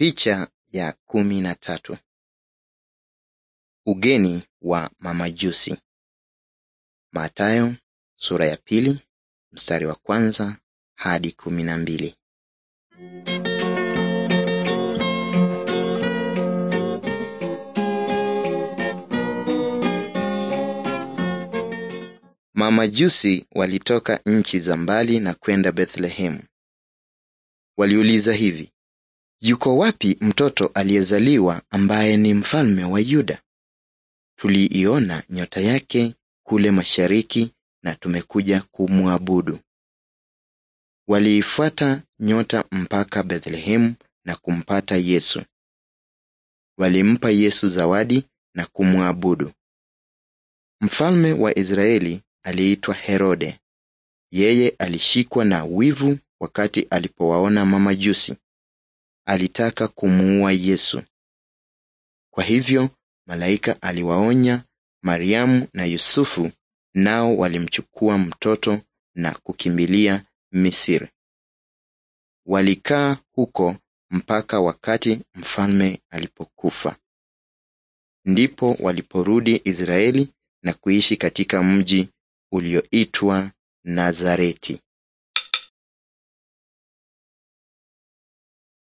Picha ya kumi na tatu. Ugeni wa mamajusi. matayo sura ya pili mstari wa kwanza hadi kumi na mbili. Mamajusi walitoka nchi za mbali na kwenda Bethlehemu. Waliuliza hivi: Yuko wapi mtoto aliyezaliwa ambaye ni mfalme wa Yuda? Tuliiona nyota yake kule mashariki na tumekuja kumwabudu. Waliifuata nyota mpaka Bethlehemu na kumpata Yesu. Walimpa Yesu zawadi na kumwabudu. Mfalme wa Israeli aliitwa Herode. Yeye alishikwa na wivu wakati alipowaona mamajusi alitaka kumuua Yesu. Kwa hivyo malaika aliwaonya Mariamu na Yusufu, nao walimchukua mtoto na kukimbilia Misri. Walikaa huko mpaka wakati mfalme alipokufa. Ndipo waliporudi Israeli na kuishi katika mji ulioitwa Nazareti.